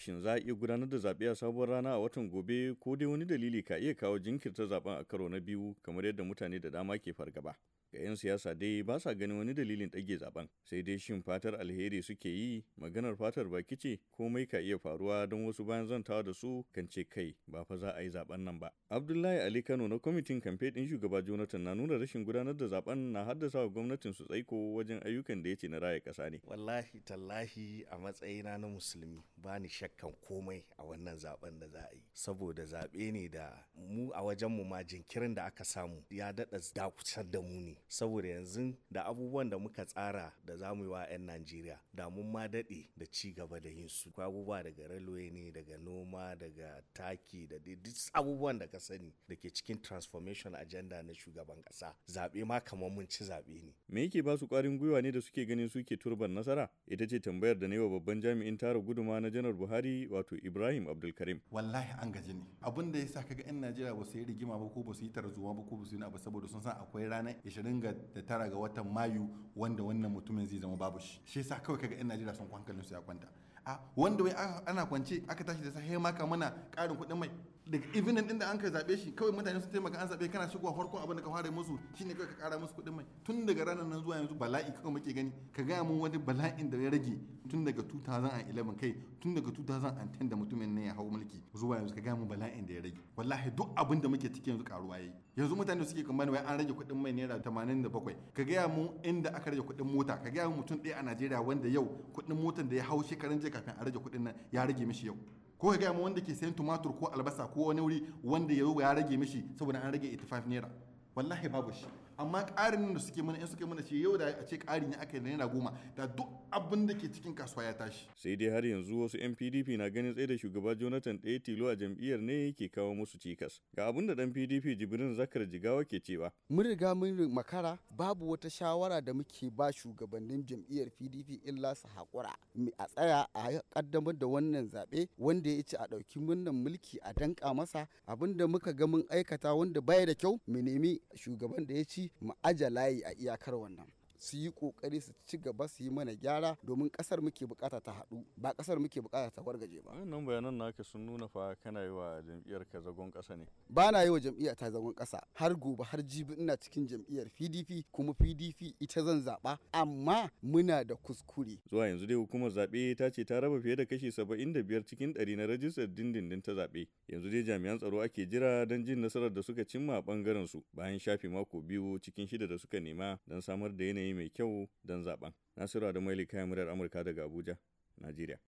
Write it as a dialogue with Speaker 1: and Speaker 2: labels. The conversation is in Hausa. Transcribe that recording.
Speaker 1: shin za a iya gudanar da zaɓe a sabuwar rana a watan gobe ko dai wani dalili ka iya kawo jinkirta zaɓen a karo na biyu kamar yadda mutane da dama ke fargaba. Ga 'yan siyasa dai ba sa ganin wani dalilin ɗage zaben, sai dai shin fatar alheri suke yi maganar fatar baki ce komai ka iya faruwa don wasu bayan zantawa da su kan ce kai ba fa za a yi zaben nan ba. Abdullahi Ali Kano na kwamitin kamfe ɗin shugaba Jonathan na nuna rashin gudanar da zaben na haddasa wa gwamnatin su tsaiko wajen ayyukan da ya ce na raya ƙasa ne. Wallahi tallahi a matsayina na musulmi ba ni
Speaker 2: shakkan komai a wannan zaben da za a yi saboda zaɓe ne da mu a wajen mu ma jinkirin da aka samu ya daɗa dakusar da mu ne saboda yanzu da abubuwan da muka tsara da za mu yi wa 'yan Najeriya da mun ma daɗe da ci gaba da yin su. Akwai abubuwa daga railway ne, daga noma, daga taki, da duk abubuwan da ka sani da ke cikin transformation agenda na shugaban ƙasa. Zaɓe ma kamar mun ci zaɓe ne.
Speaker 1: Me yake ba su ƙwarin gwiwa ne da suke ganin suke turban nasara? Ita ce tambayar da na yi wa babban jami'in tara guduma na janar Buhari
Speaker 3: wato Ibrahim Abdulkarim. Wallahi an gaji ne. Abin da ya sa kaga 'yan Najeriya ba su yi rigima ba ko ba su yi tarzoma ba ko ba su yi abu saboda sun san akwai ranar dinga da tara ga watan mayu wanda wannan mutumin zai zama babu shi shi yasa kawai kaga yan najeriya sun kwankalin su ya kwanta a wanda wai ana kwance aka tashi da safe ma ka karin kuɗin mai daga evening din da an ka zabe shi kawai mutane sun taimaka an zabe kana shigowa farko abin da ka fara musu shine kawai ka kara musu kuɗin mai tun daga ranar nan zuwa yanzu bala'i kawai muke gani ka gaya mun wani bala'in da ya rage tun daga 2011 kai tun daga 2010 da mutumin ne ya hau mulki zuwa yanzu ka gaya mun bala'in da ya rage wallahi duk abin da muke ciki yanzu karuwa yayi yanzu mutane suke kamar wai an rage kuɗin mai naira 87 ka gaya mun inda aka rage kuɗin mota ka gaya mun mutum ɗaya a Najeriya wanda yau kuɗin motar da ya hau shekaran jiya kafin a rage kuɗin nan ya rage mishi yau ko ka gaya mu wanda ke sayan tumatur ko albasa ko wani wuri wanda ya ya rage mishi saboda an rage 85 naira wallahi babu shi amma ƙarin da suke mana in suke mana ce yau da a ce ƙari ne aka yi naira goma da duk abin da ke cikin kasuwa ya tashi.
Speaker 1: sai dai har yanzu wasu yan pdp na ganin tsaye da shugaba jonathan ɗaya tilo a jam'iyyar ne yake kawo musu cikas ga abin da ɗan pdp
Speaker 4: jibrin zakar jigawa ke cewa. mun riga mun makara babu wata shawara da muke ba shugabannin jam'iyyar pdp illa su haƙura a tsaya a kaddamar da wannan zaɓe wanda ya ce a ɗauki wannan mulki a danka masa abin da muka ga mun aikata wanda baya da kyau mu nemi shugaban da ya ci mu aje layi a iyakar wannan su yi kokari su ci gaba su yi mana gyara domin kasar muke bukata ta hadu ba kasar muke bukata ta wargaje ba
Speaker 1: wannan bayanan naka sun nuna fa kana yi wa jam'iyyar ka zagon kasa ne
Speaker 4: ba na yi wa jam'iyyar ta zagon kasa har gobe har jibi ina cikin jam'iyyar PDP kuma PDP ita zan zaba amma muna da kuskure
Speaker 1: zuwa yanzu dai hukumar zabe ta ce ta raba fiye da kashi 75 cikin 100 na rajistar dindindin ta zabe yanzu dai jami'an tsaro ake jira don jin nasarar da suka cimma a bangaren su bayan shafe mako biyu cikin shida da suka nema don samar da yanayin mai kyau don zaben. Nasiru da kayan murar Amurka daga Abuja, Najeriya.